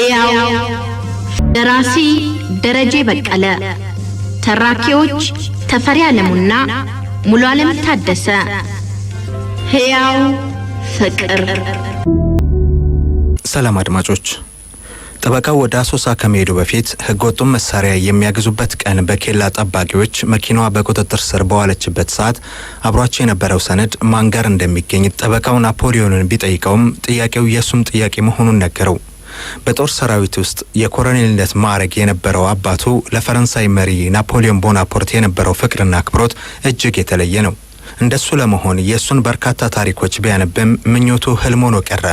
ሕያው ደራሲ ደረጀ በቀለ፣ ተራኪዎች ተፈሪ አለሙና ሙሉ ዓለም ታደሰ። ሕያው ፍቅር። ሰላም አድማጮች፣ ጠበቃው ወደ አሶሳ ከመሄዱ በፊት ህገወጡን መሳሪያ የሚያግዙበት ቀን በኬላ ጠባቂዎች መኪናዋ በቁጥጥር ስር በዋለችበት ሰዓት አብሯቸው የነበረው ሰነድ ማን ጋር እንደሚገኝ ጠበቃው ናፖሊዮንን ቢጠይቀውም ጥያቄው የእሱም ጥያቄ መሆኑን ነገረው። በጦር ሰራዊት ውስጥ የኮሎኔልነት ማዕረግ የነበረው አባቱ ለፈረንሳይ መሪ ናፖሊዮን ቦናፖርት የነበረው ፍቅርና አክብሮት እጅግ የተለየ ነው። እንደሱ ለመሆን የእሱን በርካታ ታሪኮች ቢያነብም ምኞቱ ህልም ሆኖ ቀረ።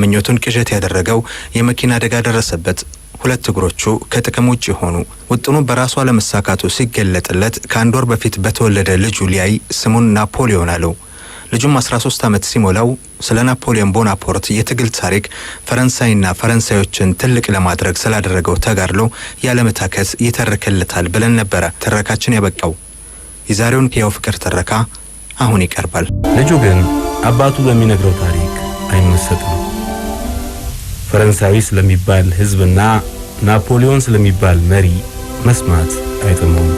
ምኞቱን ቅዠት ያደረገው የመኪና አደጋ ደረሰበት። ሁለት እግሮቹ ከጥቅም ውጭ ሆኑ። ውጥኑ በራሱ አለመሳካቱ ሲገለጥለት ከአንድ ወር በፊት በተወለደ ልጁ ሊያይ ስሙን ናፖሊዮን አለው። ልጁም 13 ዓመት ሲሞላው ስለ ናፖሊዮን ቦናፖርት የትግል ታሪክ ፈረንሳይና ፈረንሳዮችን ትልቅ ለማድረግ ስላደረገው ተጋድሎ ያለመታከት ይተርክልታል ብለን ነበረ ትረካችን ያበቃው። የዛሬውን ሕያው ፍቅር ትረካ አሁን ይቀርባል። ልጁ ግን አባቱ በሚነግረው ታሪክ አይመሰጥም። ፈረንሳዊ ስለሚባል ሕዝብና ናፖሊዮን ስለሚባል መሪ መስማት አይጥሙም።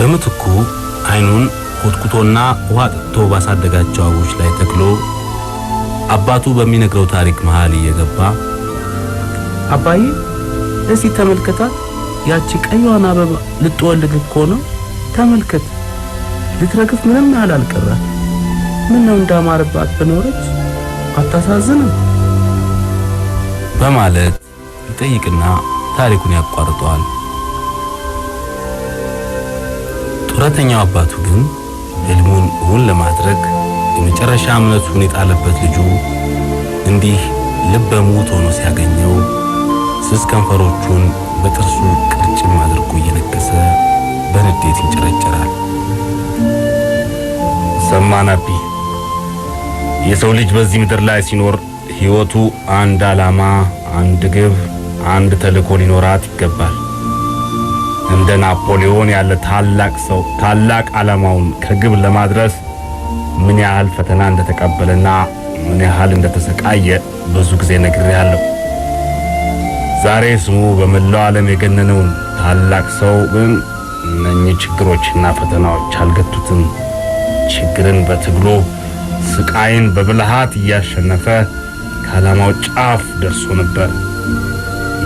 በምትኩ አይኑን ኮትኩቶና ውሃ ጠጥቶ ባሳደጋቸው አበቦች ላይ ተክሎ አባቱ በሚነግረው ታሪክ መሃል እየገባ አባዬ እስቲ ተመልከታት፣ ያቺ ቀይዋን አበባ ልትወልድ እኮ ነው። ተመልከት፣ ልትረግፍ ምንም ያህል አልቀራት። ምን ነው እንዳማረባት በኖረች አታሳዝንም? በማለት ይጠይቅና ታሪኩን ያቋርጠዋል። ጡረተኛው አባቱ ግን ሕልሙን እውን ለማድረግ የመጨረሻ እምነቱን የጣለበት ልጁ እንዲህ ልበ ሙት ሆኖ ሲያገኘው ስስ ከንፈሮቹን በጥርሱ ቅርጭም አድርጎ እየነከሰ በንዴት ይንጨረጨራል። ሰማናቢ የሰው ልጅ በዚህ ምድር ላይ ሲኖር ሕይወቱ አንድ ዓላማ፣ አንድ ግብ፣ አንድ ተልእኮ ሊኖራት ይገባል። እንደ ናፖሊዮን ያለ ታላቅ ሰው ታላቅ ዓላማውን ከግብ ለማድረስ ምን ያህል ፈተና እንደተቀበለና ምን ያህል እንደተሰቃየ ብዙ ጊዜ ነግሬያለሁ። ዛሬ ስሙ በመላው ዓለም የገነነውን ታላቅ ሰው ግን እነኚህ ችግሮችና ፈተናዎች አልገቱትም። ችግርን በትግሎ ስቃይን በብልሃት እያሸነፈ ከዓላማው ጫፍ ደርሶ ነበር።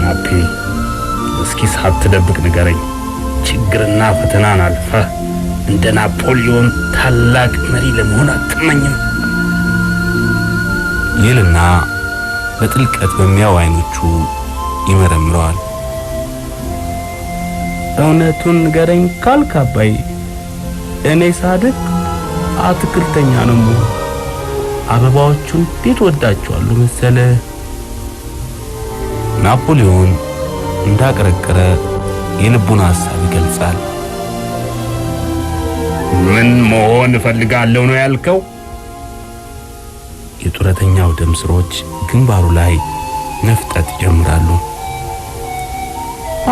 ናፒ እስኪ ሳትደብቅ ንገረኝ። ችግርና ፈተናን አልፈ እንደ ናፖሊዮን ታላቅ መሪ ለመሆን አትመኝም ይልና በጥልቀት በሚያው አይኖቹ ይመረምረዋል። እውነቱን ንገረኝ ካልክ አባዬ፣ እኔ ሳድግ አትክልተኛ ነው የምሆን። አበባዎቹን እንዴት ወዳቸዋለሁ መሰለ። ናፖሊዮን እንዳቀረቀረ የልቡን ሐሳብ ይገልጻል። ምን መሆን እፈልጋለሁ ነው ያልከው? የጡረተኛው ደም ስሮች ግንባሩ ላይ መፍጠት ይጀምራሉ።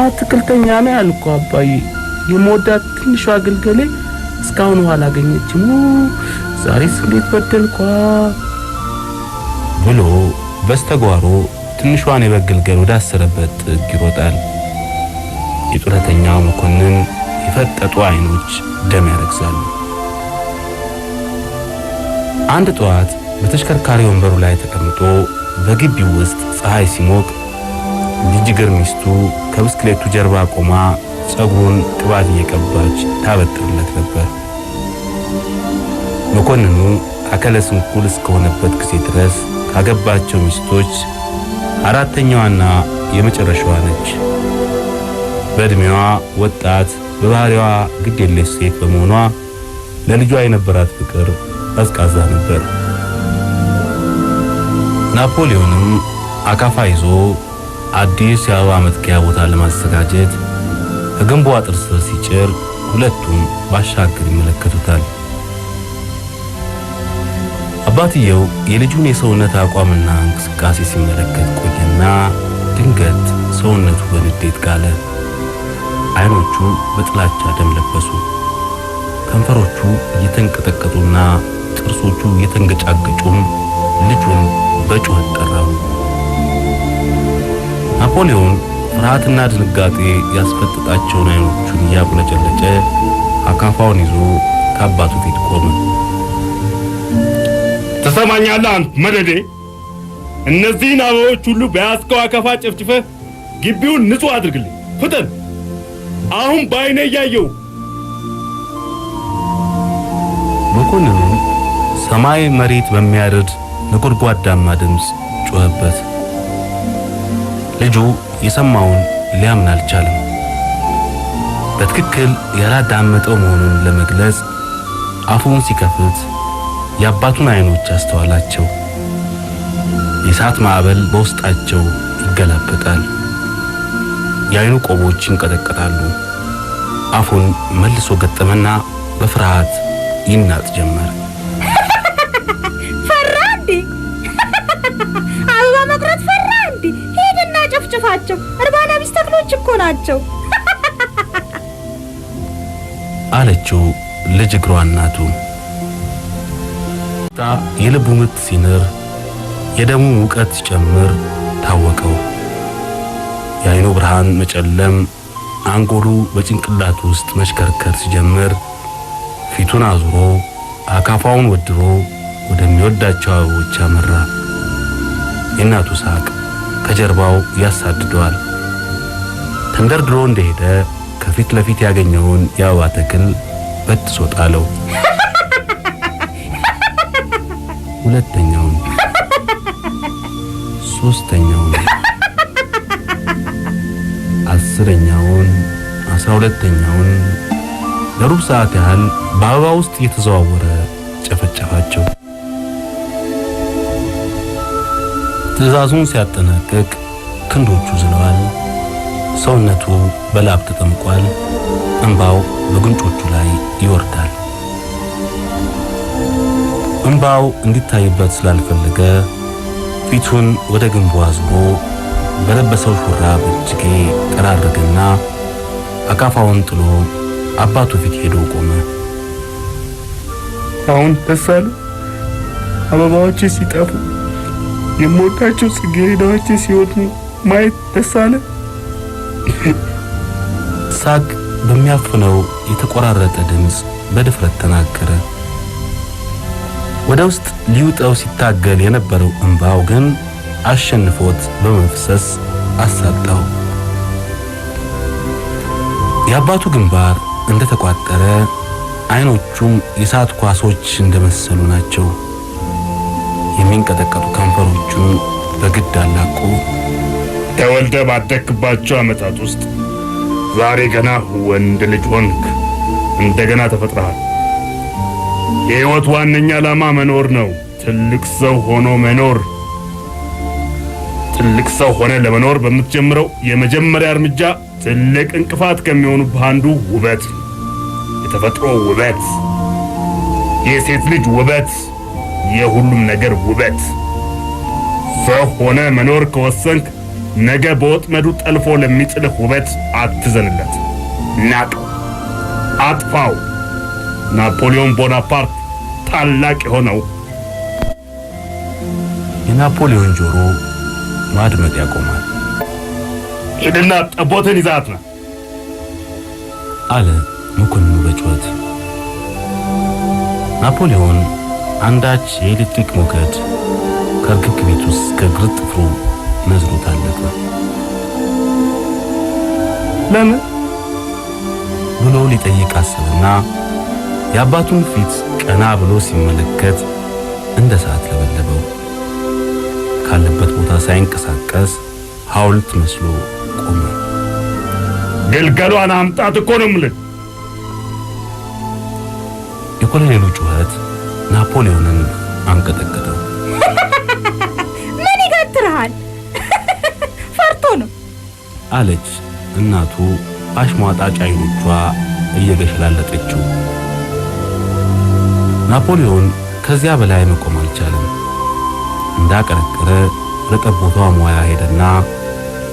አትክልተኛ ነው ያልኩ አባዬ። የምወዳት ትንሿ አገልገሌ እስካሁን ውሃ አላገኘችም። ዛሬ እንዴት በደልኳ ብሎ በስተጓሮ ትንሿን የበግልገል ወዳሰረበት ጥግ ይሮጣል። የጡረተኛው መኮንን የፈጠጡ አይኖች ደም ያረግዛሉ። አንድ ጠዋት በተሽከርካሪ ወንበሩ ላይ ተቀምጦ በግቢው ውስጥ ፀሐይ ሲሞቅ ጅጅግር ሚስቱ ከብስክሌቱ ጀርባ ቆማ ጸጉሩን ቅባት እየቀባች ታበጥርለት ነበር። መኮንኑ አከለ ስንኩል እስከሆነበት ጊዜ ድረስ ካገባቸው ሚስቶች አራተኛዋና የመጨረሻዋ ነች። በእድሜዋ ወጣት በባህሪዋ ግድ ሴት በመሆኗ ለልጇ የነበራት ፍቅር ቀዝቃዛ ነበር። ናፖሊዮንም አካፋ ይዞ አዲስ የአበባ መትከያ ቦታ ለማዘጋጀት ከግንቡ አጥር ስር ሲጭር ሁለቱም ባሻገር ይመለከቱታል። አባትየው የልጁን የሰውነት አቋምና እንቅስቃሴ ሲመለከት ቆየና ድንገት ሰውነቱ በንዴት ጋለ። አይኖቹ በጥላቻ ደም ለበሱ። ከንፈሮቹ እየተንቀጠቀጡና ጥርሶቹ እየተንገጫገጩም ልጁን በጩኸት ጠራው። ናፖሊዮን ፍርሃትና ድንጋጤ ያስፈጥጣቸውን አይኖቹን እያቁለጨለጨ አካፋውን ይዞ ከአባቱ ፊት ቆመ። ትሰማኛለህ አንተ መደዴ? እነዚህን አበቦች ሁሉ በያዝከው አካፋ ጨፍጭፈህ ግቢውን ንጹሕ አድርግልኝ፣ ፍጠን! አሁን ባይነ እያየው መኮንኑ ሰማይ መሬት በሚያርድ ነጎድጓዳማ ድምፅ ጮኸበት። ልጁ የሰማውን ሊያምን አልቻለም። በትክክል ያላዳመጠው መሆኑን ለመግለጽ አፉን ሲከፍት የአባቱን አይኖች አስተዋላቸው። የእሳት ማዕበል በውስጣቸው ይገላበጣል። የአይኑ ቆቦች ይንቀጠቀጣሉ። አፉን መልሶ ገጠመና በፍርሃት ይናጥ ጀመር። ፈራ እንዴ? አበባ መቁረጥ ፈራ እንዴ? ሄድና ጨፍጭፋቸው፣ እርባና ቢስ ተክሎች እኮ ናቸው አለችው ልጅ እግሯ እናቱ የልቡ ምት ሲንር የደሙ ሙቀት ሲጨምር ታወቀው። የአይኑ ብርሃን መጨለም፣ አንጎሉ በጭንቅላት ውስጥ መሽከርከር ሲጀምር ፊቱን አዙሮ አካፋውን ወድሮ ወደሚወዳቸው አበቦች አመራ። የእናቱ ሳቅ ከጀርባው ያሳድደዋል። ተንደርድሮ እንደሄደ ከፊት ለፊት ያገኘውን የአበባ ተክል በጥሶ ጣለው። ሁለተኛውን፣ ሶስተኛውን አስረኛውን አስራ ሁለተኛውን ለሩብ ሰዓት ያህል በአበባ ውስጥ እየተዘዋወረ ጨፈጨፋቸው። ትዕዛዙን ሲያጠናቅቅ ክንዶቹ ዝለዋል፣ ሰውነቱ በላብ ተጠምቋል፣ እንባው በጉንጮቹ ላይ ይወርዳል። እንባው እንዲታይበት ስላልፈለገ ፊቱን ወደ ግንቡ አዝቦ በለበሰው ሹራብ እጅጌ ጠራረገና አካፋውን ጥሎ አባቱ ፊት ሄዶ ቆመ። አሁን ተሳሉ አበባዎች ሲጠፉ የምወዳቸው ጽጌረዳዎች ሲወጡ ማየት ተሳለ። ሳቅ በሚያፍነው የተቆራረጠ ድምፅ በድፍረት ተናገረ። ወደ ውስጥ ሊውጠው ሲታገል የነበረው እንባው ግን አሸንፎት በመፍሰስ አሳጣው። የአባቱ ግንባር እንደተቋጠረ አይኖቹም የእሳት ኳሶች እንደመሰሉ ናቸው። የሚንቀጠቀጡ ከንፈሮቹን በግድ አላቁ። ተወልደ ባደግባቸው ዓመታት ውስጥ ዛሬ ገና ወንድ ልጅ ሆንክ። እንደገና ተፈጥረሃል። የሕይወት ዋነኛ ዓላማ መኖር ነው። ትልቅ ሰው ሆኖ መኖር ትልቅ ሰው ሆነ ለመኖር በምትጀምረው የመጀመሪያ እርምጃ ትልቅ እንቅፋት ከሚሆኑብህ አንዱ ውበት፣ የተፈጥሮ ውበት፣ የሴት ልጅ ውበት፣ የሁሉም ነገር ውበት። ሰው ሆነ መኖር ከወሰንክ ነገ በወጥመዱ ጠልፎ ለሚጥልህ ውበት አትዘንለት፣ ናቀው፣ አጥፋው። ናፖሊዮን ቦናፓርት ታላቅ የሆነው የናፖሊዮን ጆሮ ማድመጥ ያቆማል። ሂድና ጠቦትን ይዛት ነው አለ መኮንኑ በጩኸት። ናፖሊዮን አንዳች የኤሌክትሪክ ሞገድ ከርግግ ቤት ውስጥ ከእግር ጥፍሩ ነዝሮ ታለፈ። ለምን ብሎ ሊጠይቅ አሰበና የአባቱን ፊት ቀና ብሎ ሲመለከት እንደ ሰዓት ለበለበው። ካለበት ቦታ ሳይንቀሳቀስ ሐውልት መስሎ ቆመ። ግልገሏን አምጣት እኮ ነው የምልህ። የኮሎኔሉ ጩኸት ናፖሊዮንን አንቀጠቀጠው። ምን ይገትርሃል? ፈርቶ ነው አለች እናቱ አሽሟጣጭ አይኖቿ እየገሸላለጠችው። ናፖሊዮን ከዚያ በላይ መቆም አልቻለም። እንዳቀረቀረ ርቀት ቦታዋ ሞያ ሄደና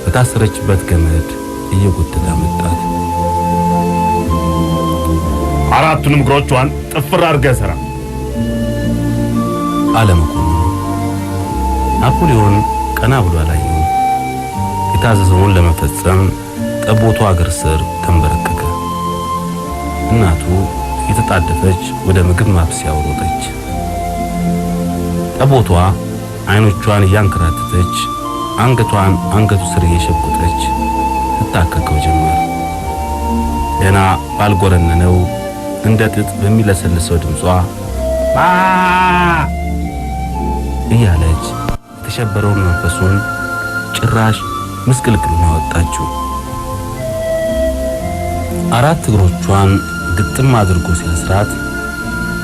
በታሰረችበት ገመድ እየጎተተ መጣት። አራቱንም እግሮቿን ጥፍር አድርገህ ሰራ አለ መኮንን። ናፖሊዮን ቀና ብሎ አላየው። የታዘዘውን ለመፈጸም ጠቦቷ እግር ስር ተንበረከከ። እናቱ የተጣደፈች ወደ ምግብ ማብሰያ ወሮጠች። ጠቦቷ አይኖቿን እያንከራተተች አንገቷን አንገቱ ስር እየሸቆጠች ትታከከው ጀመር። ገና ባልጎረነነው እንደ ጥጥ በሚለሰልሰው ድምጿ ማ እያለች የተሸበረውን መንፈሱን ጭራሽ ምስቅልቅሉን አወጣችው። አራት እግሮቿን ግጥም አድርጎ ሲያስራት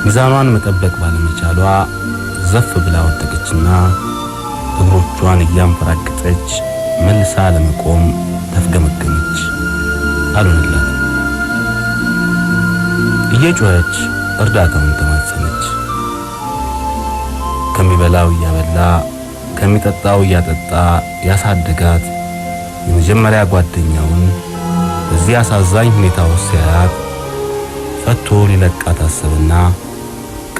ሚዛኗን መጠበቅ ባለመቻሏ ዘፍ ብላ ወደቀችና እግሮቿን እያንፈራገጠች መልሳ ለመቆም ተፍገመገመች። አልሆነላት። እየጮኸች እርዳታውን ተማጸነች። ከሚበላው እያበላ ከሚጠጣው እያጠጣ ያሳደጋት የመጀመሪያ ጓደኛውን በዚህ አሳዛኝ ሁኔታ ውስጥ ፈቶ ሊለቃት አሰበና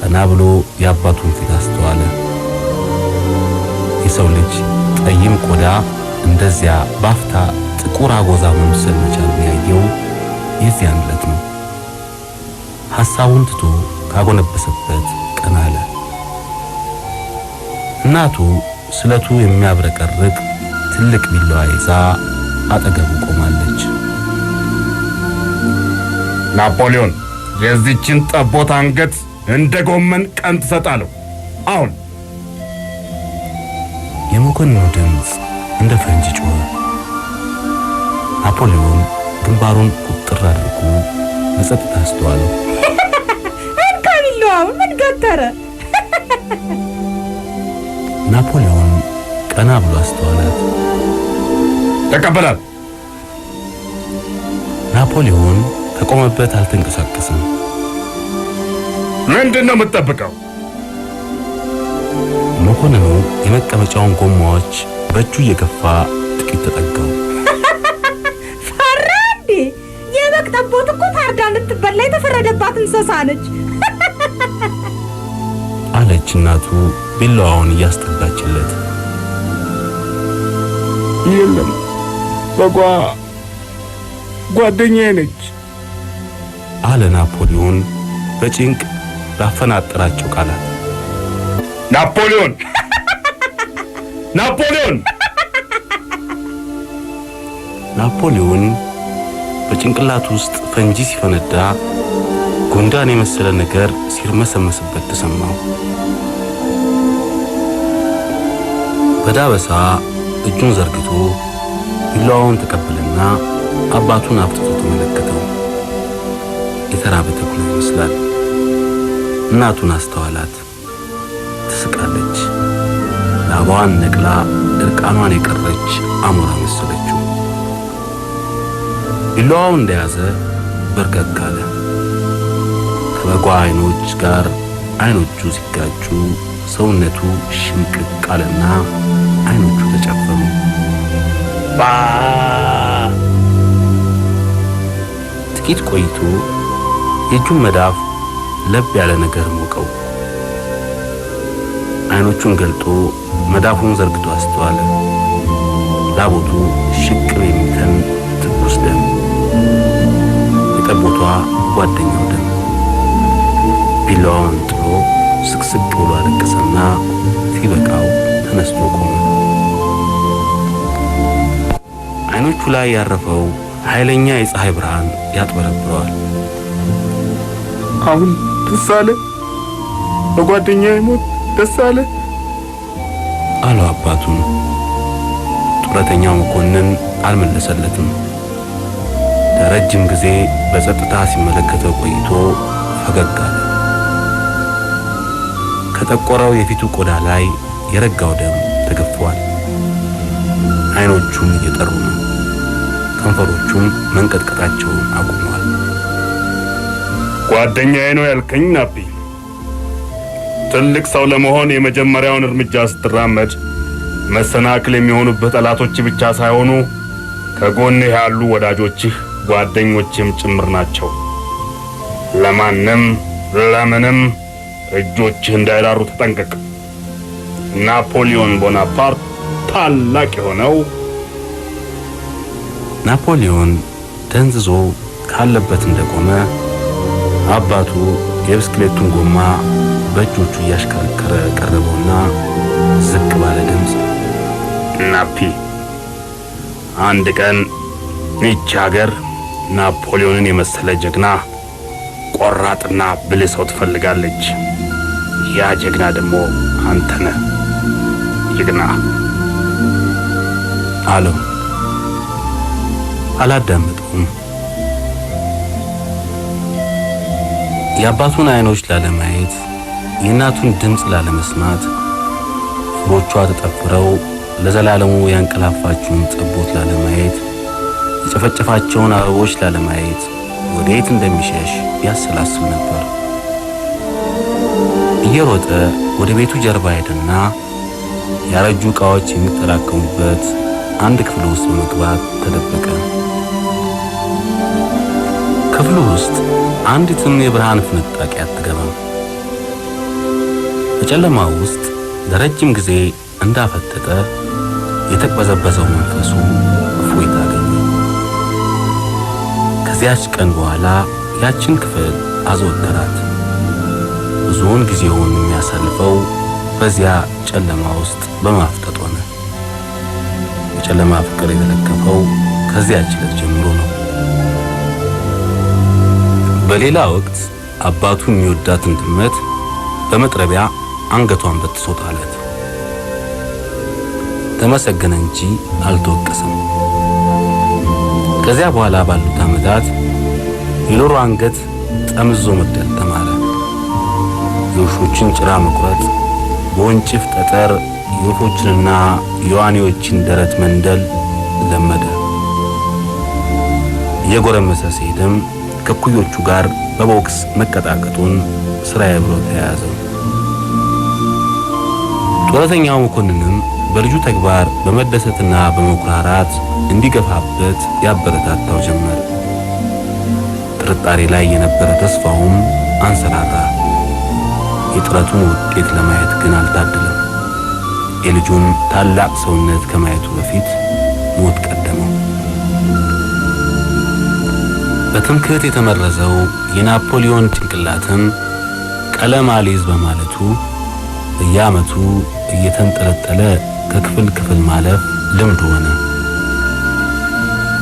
ቀና ብሎ የአባቱን ፊት አስተዋለ። የሰው ልጅ ጠይም ቆዳ እንደዚያ ባፍታ ጥቁር አጎዛ መምሰል መቻል ያየው የዚያን ዕለት ነው። ሐሳቡን ትቶ ካጎነበሰበት ቀና አለ። እናቱ ስለቱ የሚያብረቀርቅ ትልቅ ቢላዋ ይዛ አጠገቡ ቆማለች። ናፖሊዮን የዚችን ጠቦት አንገት እንደ ጎመን ቀን ትሰጣለሁ አሁን የመኮንኑ ድምፅ እንደ ፈንጂ ጮኸ። አፖሊዮን ግንባሩን ቁጥር አድርጎ በጸጥታ አስተዋለው። እንካቢለዋ ምን ገተረ? ናፖሊዮን ቀና ብሎ አስተዋላት። ተቀበላል። ናፖሊዮን ከቆመበት አልተንቀሳቀሰም። ምንድን ነው የምትጠብቀው? መኮንኑ የመቀመጫውን ጎማዎች በእጁ እየገፋ ጥቂት ተጠጋው። ፈራ እንዴ? የበግ ጠቦት እኮ ታርዳ እንድትበላ የተፈረደባት እንስሳ ነች አለች እናቱ ቢላዋውን እያስጠጋችለት። የለም በጓ ጓደኛዬ ነች አለ ናፖሊዮን በጭንቅ ላፈናጠራቸው ቃላት ናፖሊዮን ናፖሊዮን ናፖሊዮን በጭንቅላት ውስጥ ፈንጂ ሲፈነዳ ጉንዳን የመሰለ ነገር ሲርመሰመስበት ተሰማው። በዳበሳ እጁን ዘርግቶ ቢላዋውን ተቀበለና አባቱን አብጥቶ ተመለከተው። የተራበ ተኩላ ይመስላል። እናቱን አስተዋላት። ትስቃለች። ላባዋን ነቅላ እርቃኗን የቀረች አሞራ መሰለችው። ቢላዋው እንደያዘ በርከክ አለ። ከበጓ አይኖች ጋር አይኖቹ ሲጋጩ ሰውነቱ ሽምቅቅ አለና አይኖቹ ተጨፈኑ። ጥቂት ቆይቶ የእጁን መዳፍ ለብ ያለ ነገር ሞቀው። አይኖቹን ገልጦ መዳፉን ዘርግቶ አስተዋለ። ላቦቱ ሽቅብ የሚተን ትኩስ ደም፣ የጠቦቷ ጓደኛው ደም። ቢላዋን ጥሎ ስቅስቅ ብሎ አለቀሰና ሲበቃው ተነስቶ ቆመ። አይኖቹ ላይ ያረፈው ኃይለኛ የፀሐይ ብርሃን ያጥበረብረዋል። አሁን ደስ አለ፣ በጓደኛዬ ሞት ደስ አለ አለው አባቱም። ጡረተኛው መኮንን አልመለሰለትም። ለረጅም ጊዜ በጸጥታ ሲመለከተው ቆይቶ ፈገግ አለ። ከጠቆረው የፊቱ ቆዳ ላይ የረጋው ደም ተገፍቷል። አይኖቹም እየጠሩ ነው። ከንፈሮቹም መንቀጥቀጣቸውን አቁሟል። ጓደኛዬ ነው ያልከኝ ናፒ፣ ትልቅ ሰው ለመሆን የመጀመሪያውን እርምጃ ስትራመድ መሰናክል የሚሆኑበት ጠላቶች ብቻ ሳይሆኑ ከጎንህ ያሉ ወዳጆችህ ጓደኞችም ጭምር ናቸው። ለማንም ለምንም እጆችህ እንዳይራሩ ተጠንቀቅ። ናፖሊዮን ቦናፓርት ታላቅ የሆነው ናፖሊዮን ደንዝዞ ካለበት እንደቆመ አባቱ የብስክሌቱን ጎማ በእጆቹ እያሽከረከረ ቀረበውና ዝቅ ባለ ድምፅ ናፒ፣ አንድ ቀን ይቺ ሀገር ናፖሊዮንን የመሰለ ጀግና ቆራጥና ብልህ ሰው ትፈልጋለች። ያ ጀግና ደግሞ አንተ ጀግና አለው። አላዳመጠውም። የአባቱን አይኖች ላለማየት፣ የእናቱን ድምፅ ላለመስማት፣ እግሮቿ ተጠፍረው ለዘላለሙ ያንቀላፋችውን ጠቦት ላለማየት፣ የጨፈጨፋቸውን አበቦች ላለማየት ወዴት እንደሚሸሽ ያሰላስብ ነበር። እየሮጠ ወደ ቤቱ ጀርባ ሄደና ያረጁ ዕቃዎች የሚጠራቀሙበት አንድ ክፍል ውስጥ መግባት ተደበቀ። ሁሉ ውስጥ አንዲትም የብርሃን ፍንጣቂ አትገባም። በጨለማው ውስጥ ለረጅም ጊዜ እንዳፈጠጠ የተቅበዘበዘው መንፈሱ እፎይታ አገኘ። ከዚያች ቀን በኋላ ያችን ክፍል አዘወተራት። ብዙውን ጊዜውን የሚያሳልፈው በዚያ ጨለማ ውስጥ በማፍጠጥ ሆነ። የጨለማ ፍቅር የተለከፈው ከዚያች ዕለት ጀምሮ ነው። በሌላ ወቅት አባቱ የሚወዳትን ድመት በመጥረቢያ አንገቷን በጥሶ ተመሰገነ እንጂ አልተወቀሰም። ከዚያ በኋላ ባሉት ዓመታት የኖሮ አንገት ጠምዞ መግደል ተማረ። የውሾችን ጭራ መቁረጥ፣ በወንጭፍ ጠጠር የወፎችንና የዋኔዎችን ደረት መንደል ለመደ። እየጎረመሰ ሲሄድም ከኩዮቹ ጋር በቦክስ መቀጣቀጡን ስራዬ ብሎ ተያያዘ። ጦረተኛው መኮንንም በልጁ ተግባር በመደሰትና በመኩራራት እንዲገፋበት ያበረታታው ጀመር። ጥርጣሬ ላይ የነበረ ተስፋውም አንሰራራ። የጥረቱን ውጤት ለማየት ግን አልታደለም። የልጁን ታላቅ ሰውነት ከማየቱ በፊት ሞት በትምክህት የተመረዘው የናፖሊዮን ጭንቅላትም ቀለም አልይዝ በማለቱ በየዓመቱ እየተንጠለጠለ ከክፍል ክፍል ማለፍ ልምድ ሆነ።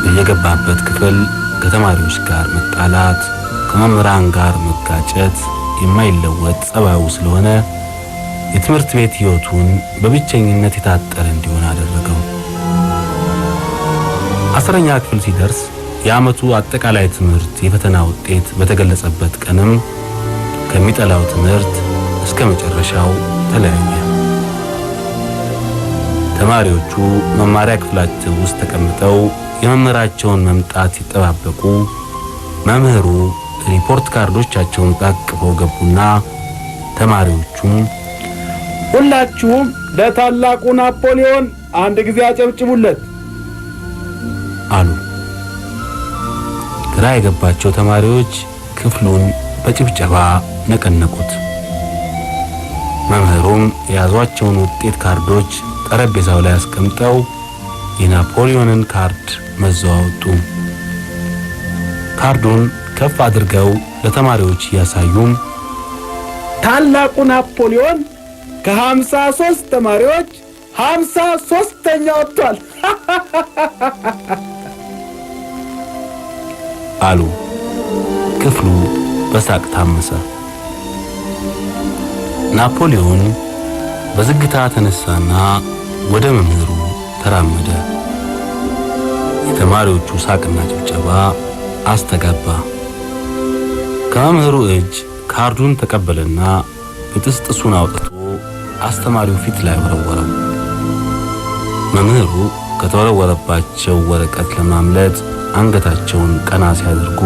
በየገባበት ክፍል ከተማሪዎች ጋር መጣላት፣ ከመምህራን ጋር መጋጨት የማይለወጥ ጸባዩ ስለሆነ የትምህርት ቤት ሕይወቱን በብቸኝነት የታጠረ እንዲሆን አደረገው። አስረኛ ክፍል ሲደርስ የዓመቱ አጠቃላይ ትምህርት የፈተና ውጤት በተገለጸበት ቀንም ከሚጠላው ትምህርት እስከ መጨረሻው ተለያየ። ተማሪዎቹ መማሪያ ክፍላቸው ውስጥ ተቀምጠው የመምህራቸውን መምጣት ሲጠባበቁ መምህሩ ሪፖርት ካርዶቻቸውን ጣቅፈው ገቡና ተማሪዎቹም ሁላችሁም ለታላቁ ናፖሊዮን አንድ ጊዜ አጨብጭቡለት አሉ። ግራ የገባቸው ተማሪዎች ክፍሉን በጭብጨባ ነቀነቁት። መምህሩም የያዟቸውን ውጤት ካርዶች ጠረጴዛው ላይ አስቀምጠው የናፖሊዮንን ካርድ መዘዋወጡ። ካርዱን ከፍ አድርገው ለተማሪዎች እያሳዩም ታላቁ ናፖሊዮን ከሀምሳ ሶስት ተማሪዎች ሀምሳ ሶስተኛ ወጥቷል። አሉ። ክፍሉ በሳቅ ታመሰ። ናፖሊዮን በዝግታ ተነሳና ወደ መምህሩ ተራመደ። የተማሪዎቹ ሳቅና ጭብጨባ አስተጋባ። ከመምህሩ እጅ ካርዱን ተቀበለና ብጥስጥሱን አውጥቶ አስተማሪው ፊት ላይ ወረወረው። መምህሩ ከተወረወረባቸው ወረቀት ለማምለጥ አንገታቸውን ቀና ሲያደርጉ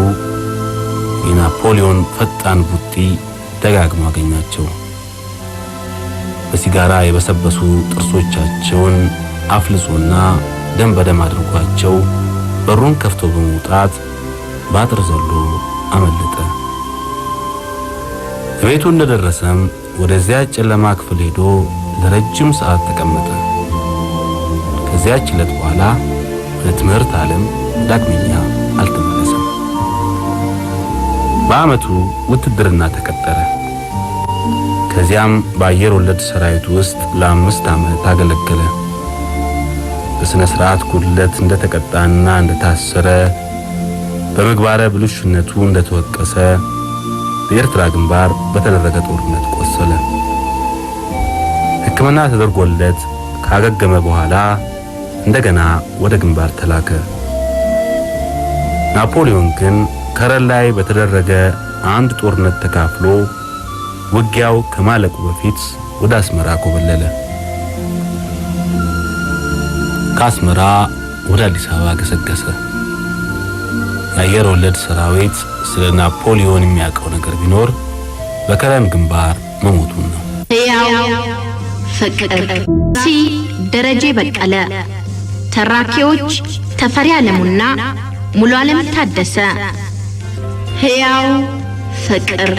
የናፖሊዮን ፈጣን ቡጢ ደጋግሞ አገኛቸው። በሲጋራ የበሰበሱ ጥርሶቻቸውን አፍልጾና ደም በደም አድርጓቸው በሩን ከፍቶ በመውጣት በአጥር ዘሎ አመለጠ። ቤቱ እንደደረሰም ወደዚያ ጨለማ ክፍል ሄዶ ለረጅም ሰዓት ተቀመጠ። ከዚያች ዕለት በኋላ ወደ ትምህርት ዓለም ዳግመኛ አልተመለሰም። በዓመቱ ውትድርና ተቀጠረ። ከዚያም በአየር ወለድ ሰራዊት ውስጥ ለአምስት ዓመት አገለገለ። በሥነ ሥርዓት ጉድለት እንደተቀጣና እንደታሰረ በምግባረ ብልሹነቱ እንደተወቀሰ በኤርትራ ግንባር በተደረገ ጦርነት ቆሰለ። ሕክምና ተደርጎለት ካገገመ በኋላ እንደገና ወደ ግንባር ተላከ። ናፖሊዮን ግን ከረን ላይ በተደረገ አንድ ጦርነት ተካፍሎ ውጊያው ከማለቁ በፊት ወደ አስመራ ኮበለለ። ከአስመራ ወደ አዲስ አበባ ገሰገሰ። የአየር ወለድ ሰራዊት ስለ ናፖሊዮን የሚያውቀው ነገር ቢኖር በከረን ግንባር መሞቱን ነው። ሕያው ፍቅር ደረጀ በቀለ ተራኪዎች ተፈሪ አለሙና ሙሉ ዓለም ታደሰ ህያው ፍቅር